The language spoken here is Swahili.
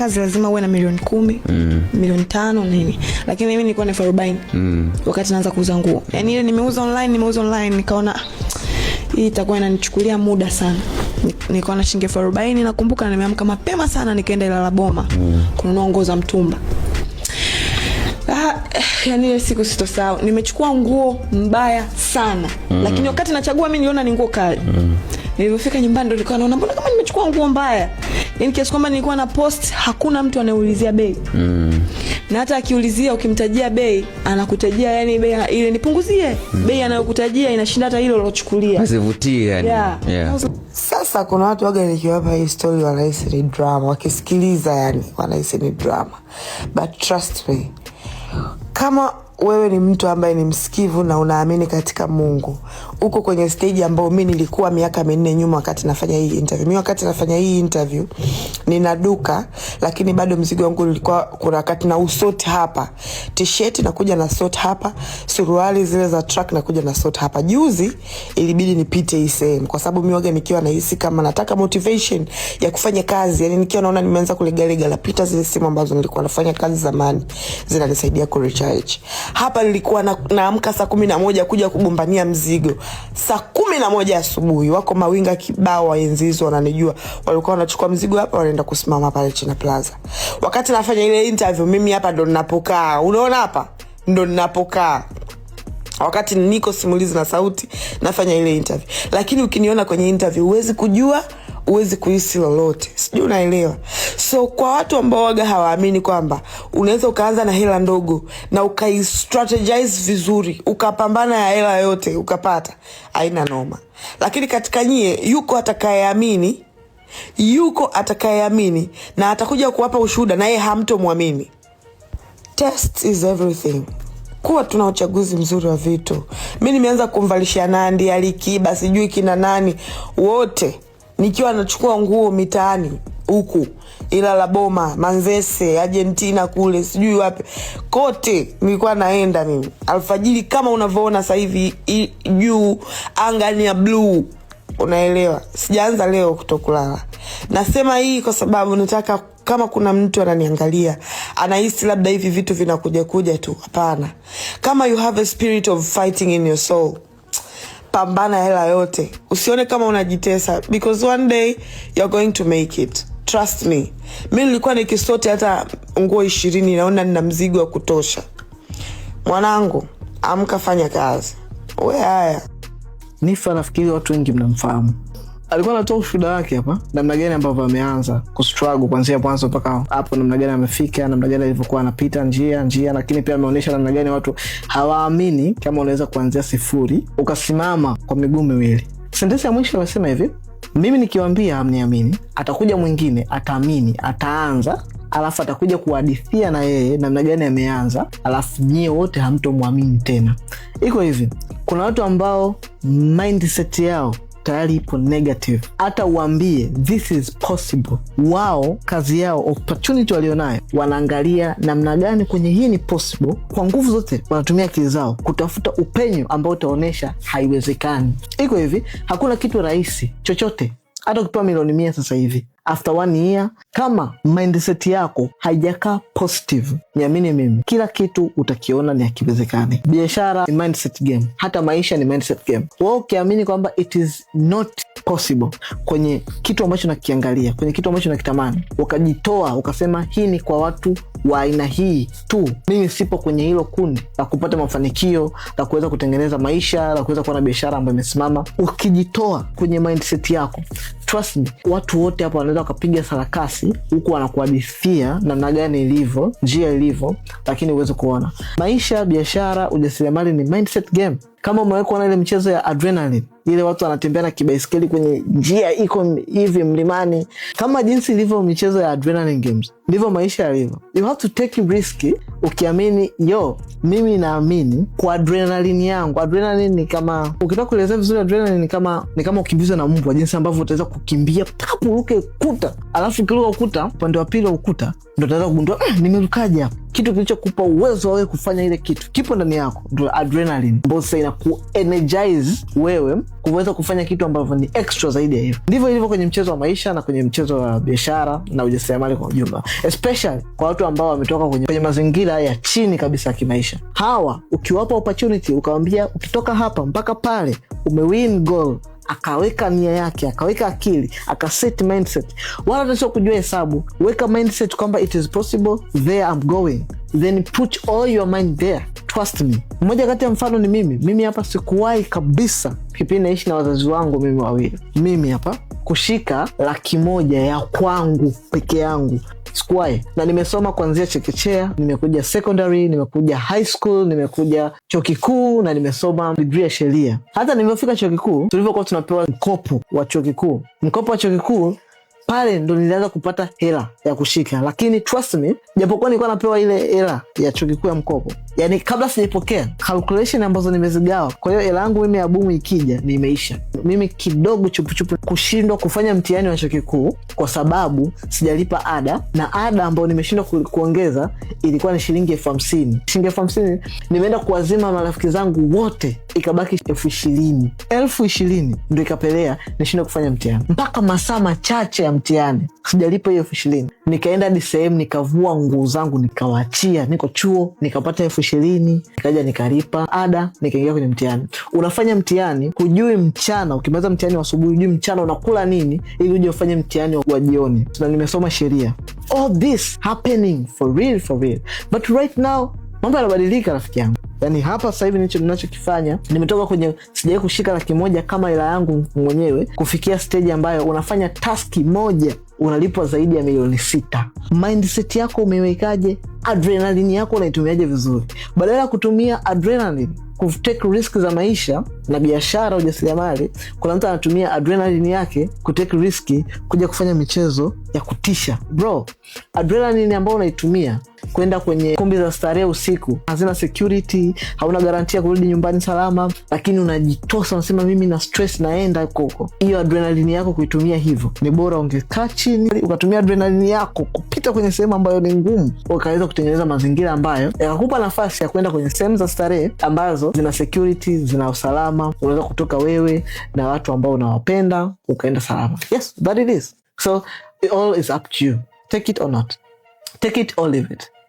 kazi lazima uwe na milioni kumi mm. milioni tano nini, lakini mimi nilikuwa na elfu arobaini mm. wakati naanza kuuza nguo. Yani ile nimeuza online, nimeuza online, nikaona hii itakuwa inanichukulia muda sana nikawa na shilingi elfu arobaini nakumbuka, nimeamka mapema sana nikaenda Ilala Boma mm. kununua nguo za mtumba. Ah, yani ile siku sitosahau, nimechukua nguo mbaya sana mm. lakini wakati nachagua mi niliona ni nguo kali mm. nilivyofika nyumbani ndo nilikuwa naona mbona kama haikuwa nguo mbaya, yani kiasi kwamba nilikuwa na post, hakuna mtu anayeulizia bei mm. na hata akiulizia, ukimtajia bei anakutajia yani bei ile nipunguzie mm. bei anayokutajia inashinda hata ile ulochukulia, asivutie yani yeah. yeah. Sasa kuna watu waga nikiwapa hii story wanahisi ni drama, wakisikiliza yani wanahisi ni drama, but trust me kama wewe ni mtu ambaye ni msikivu na unaamini katika Mungu. Uko kwenye stage ambayo mi nilikuwa miaka minne nyuma, wakati nafanya hii interview. Mi wakati nafanya hii interview nina duka, lakini bado mzigo wangu ulikuwa kuna wakati na usot hapa t-shirt nakuja na sot hapa, suruali zile za track nakuja na sot hapa. Juzi ilibidi nipite hii sehemu, kwa sababu mi waga nikiwa nahisi kama nataka motivation ya kufanya kazi, yani nikiwa naona nimeanza kulegalega, napita zile simu ambazo nilikuwa nafanya kazi zamani, zinanisaidia kurecharge hapa nilikuwa naamka na saa kumi na moja kuja kugombania mzigo saa kumi na moja asubuhi. Wako mawinga kibao waenzi hizo wananijua, walikuwa wanachukua mzigo hapa wanaenda kusimama pale China Plaza. Wakati nafanya ile interview, mimi hapa ndo ninapokaa, unaona hapa ndo ninapokaa wakati niko simulizi na sauti nafanya ile interview, lakini ukiniona kwenye interview huwezi kujua, huwezi kuhisi lolote, sijui unaelewa. So kwa watu ambao waga hawaamini kwamba unaweza ukaanza na hela ndogo na ukaistrategize vizuri ukapambana ya hela yote ukapata, aina noma. Lakini katika nyie yuko atakayeamini, yuko atakayeamini na atakuja kuwapa ushuhuda, naye hamtomwamini. Test is everything kuwa tuna uchaguzi mzuri wa vitu. Mi nimeanza kumvalisha Nandi Alikiba, sijui kina nani wote, nikiwa nachukua nguo mitaani huku ila la Boma, manzese Argentina kule sijui wapi kote nilikuwa naenda mimi alfajiri, kama unavyoona sasa hivi juu anga ni ya bluu. Unaelewa, sijaanza leo kutokulala. Nasema hii kwa sababu nataka kama kuna mtu ananiangalia anahisi labda hivi vitu vinakuja kuja tu, hapana. Kama you have a spirit of fighting in your soul, pambana hela yote, usione kama unajitesa because one day you're going to make it trust me, mi nilikuwa nikisoti hata nguo ishirini, naona nina mzigo wa kutosha. Mwanangu, amka, fanya kazi we. Haya, Nifa nafikiri watu wengi mnamfahamu alikuwa anatoa ushuhuda wake hapa, namna gani ambavyo ameanza kustruggle kuanzia mwanzo mpaka hapo, namna gani amefika, namna gani alivyokuwa anapita njia njia, lakini pia ameonyesha namna gani watu hawaamini kama unaweza kuanzia sifuri ukasimama kwa miguu miwili. Sentensi ya mwisho amesema hivi: mimi nikiwambia amniamini atakuja mwingine ataamini, ataanza alafu atakuja kuhadithia na yeye namna gani ameanza, alafu nyie wote hamtomwamini tena. Iko hivi, kuna watu ambao mindset yao tayari ipo negative. Hata uambie this is possible, wao kazi yao opportunity walionayo wanaangalia namna gani kwenye hii ni possible. Kwa nguvu zote wanatumia akili zao kutafuta upenyo ambao utaonyesha haiwezekani. Iko hivi, hakuna kitu rahisi chochote hata ukipewa milioni mia sasa hivi after one year, kama mindset yako haijakaa positive, niamini mimi, kila kitu utakiona ni akiwezekani Biashara ni mindset game, hata maisha ni mindset game. Wewe ukiamini kwamba it is not possible kwenye kitu ambacho nakiangalia, kwenye kitu ambacho nakitamani, ukajitoa ukasema hii ni kwa watu wa aina hii tu, mimi sipo kwenye hilo kundi la kupata mafanikio, la kuweza kutengeneza maisha, la kuweza kuwa na biashara ambayo imesimama. Ukijitoa kwenye mindset yako, trust me, watu wote hapo wanaweza wakapiga sarakasi huku wanakuadisia namna gani ilivyo, njia ilivyo, lakini uweze kuona maisha, biashara, ujasiriamali ni mindset game. Kama umewekwa na ile mchezo ya adrenaline ile watu wanatembea na kibaiskeli kwenye njia iko hivi mlimani. Kama jinsi ilivyo michezo ya adrenaline games, ndivyo maisha yalivyo. You have to take risk ukiamini. Yo, mimi naamini kwa adrenaline yangu. Adrenaline ni kama, ukitaka kuelezea vizuri, adrenaline ni kama ni kama ukimbizwa na mbwa, jinsi ambavyo utaweza kukimbia tapu uruke ukuta, alafu ukiruka ukuta upande wa pili wa ukuta ndo utaweza kugundua mm, nimerukaje hapa kitu kilichokupa uwezo wawe kufanya ile kitu kipo ndani yako, ndio adrenaline ambayo sasa ina kuenergize wewe kuweza kufanya kitu ambavyo ni extra zaidi ya hivyo. Ndivyo ilivyo kwenye mchezo wa maisha na kwenye mchezo wa biashara na ujasiriamali kwa ujumla, especially kwa watu ambao wametoka kwenye, kwenye mazingira ya chini kabisa ya kimaisha. Hawa ukiwapa opportunity, ukawambia ukitoka hapa mpaka pale umewin goal akaweka nia yake, akaweka akili, akaset mindset. Wala unatakiwa kujua hesabu, weka mindset kwamba it is possible, there I'm going, then put all your mind there. Trust me. Mmoja kati ya mfano ni mimi. Mimi hapa sikuwahi kabisa, kipindi naishi na wazazi wangu mimi wawili, mimi hapa kushika laki moja ya kwangu peke yangu sikuwai na nimesoma kuanzia chekechea, nimekuja secondary, nimekuja high school, nimekuja chuo kikuu na nimesoma digri ya sheria. Hata nilivyofika chuo kikuu, tulivyokuwa tunapewa mkopo wa chuo kikuu, mkopo wa chuo kikuu pale ndo nilianza kupata hela ya kushika, lakini trust me, japokuwa nilikuwa napewa ile hela ya chuo kikuu ya mkopo, yani kabla sijaipokea calculation ambazo nimezigawa. Kwa hiyo hela yangu mimi ya bumu ikija, nimeisha mimi kidogo chupuchupu, kushindwa kufanya mtihani wa chuo kikuu kwa sababu sijalipa ada, na ada ambayo nimeshindwa ku, kuongeza ilikuwa ni shilingi elfu hamsini. Shilingi elfu hamsini nimeenda kuwazima marafiki zangu wote, ikabaki elfu ishirini. Elfu ishirini ndo ikapelea nishindwa kufanya mtihani mpaka masaa machache ya mtihani, sijalipa hiyo elfu ishirini. Nikaenda hadi sehemu nikavua nguo zangu nikawachia, niko chuo nikapata elfu elfu ishirini nikaja nikalipa ada, nikaingia kwenye mtihani. Unafanya mtihani, hujui mchana, ukimaliza mtihani wa asubuhi hujui mchana unakula nini, ili uje ufanye mtihani wa jioni. Na nimesoma sheria, all this happening for real, for real, but right now mambo yanabadilika rafiki yangu. Yani hapa sasa hivi nicho ninachokifanya, nimetoka kwenye, sijawai kushika laki moja kama hela yangu mwenyewe kufikia steji ambayo unafanya taski moja unalipwa zaidi ya milioni sita. Mindset yako umewekaje Adrenalini yako unaitumiaje vizuri? Badala ya kutumia adrenalini kutake risk za maisha na biashara, ujasiriamali. Kuna mtu anatumia adrenalini yake kutake riski kuja kufanya michezo ya kutisha. Bro, adrenalini ambayo unaitumia kwenda kwenye kumbi za starehe usiku, hazina security, hauna garantia kurudi nyumbani salama, lakini unajitosa, unasema mimi na stress, naenda huko. Hiyo adrenalini yako kuitumia hivyo, ni bora ungekaa chini ukatumia adrenalini yako kupita kwenye sehemu ambayo ni ngumu, ukaweza kutengeneza mazingira ambayo yakakupa nafasi ya kwenda kwenye sehemu za starehe ambazo zina security, zina usalama. Unaweza kutoka wewe na watu ambao unawapenda ukaenda salama. Yes, that it is. So all is up to you. Take it or not. Take it or leave it.